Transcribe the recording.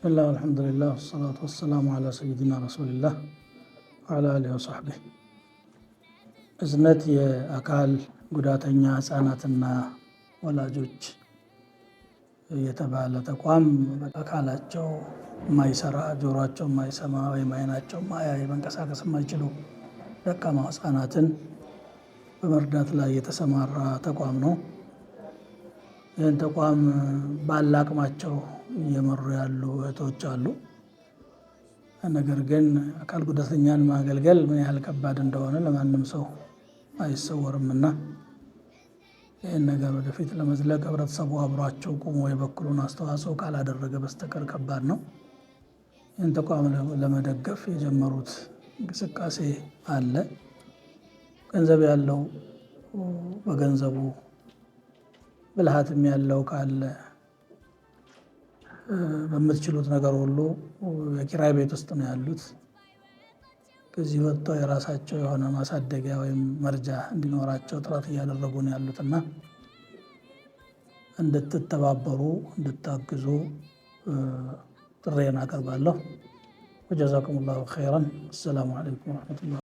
ብስሚላህ አልሐምዱሊላህ ወሰላቱ ወሰላሙ አላ ሰይድና ረሱልላህ አላ አሊ ወሳሕቢህ። እዝነት የአካል ጉዳተኛ ህፃናትና ወላጆች የተባለ ተቋም አካላቸው ማይሰራ፣ ጆሯቸው ማይሰማ ወይም አይናቸው ማያይ፣ መንቀሳቀስ የማይችሉ ደካማ ህፃናትን በመርዳት ላይ የተሰማራ ተቋም ነው። ይህን ተቋም ባለ አቅማቸው እየመሩ ያሉ እህቶች አሉ። ነገር ግን አካል ጉዳተኛን ማገልገል ምን ያህል ከባድ እንደሆነ ለማንም ሰው አይሰወርም ና ይህን ነገር ወደፊት ለመዝለቅ ህብረተሰቡ አብሯቸው ቁሞ የበኩሉን አስተዋጽኦ ካላደረገ በስተቀር ከባድ ነው። ይህን ተቋም ለመደገፍ የጀመሩት እንቅስቃሴ አለ። ገንዘብ ያለው በገንዘቡ ብልሃትም ያለው ካለ በምትችሉት ነገር ሁሉ የኪራይ ቤት ውስጥ ነው ያሉት። ከዚህ ወጥተው የራሳቸው የሆነ ማሳደጊያ ወይም መርጃ እንዲኖራቸው ጥረት እያደረጉ ነው ያሉትና እንድትተባበሩ እንድታግዙ ጥሬን አቀርባለሁ። ወጀዛኩም ላሁ ኸይረን። አሰላሙ አለይኩም ወረሕመቱላህ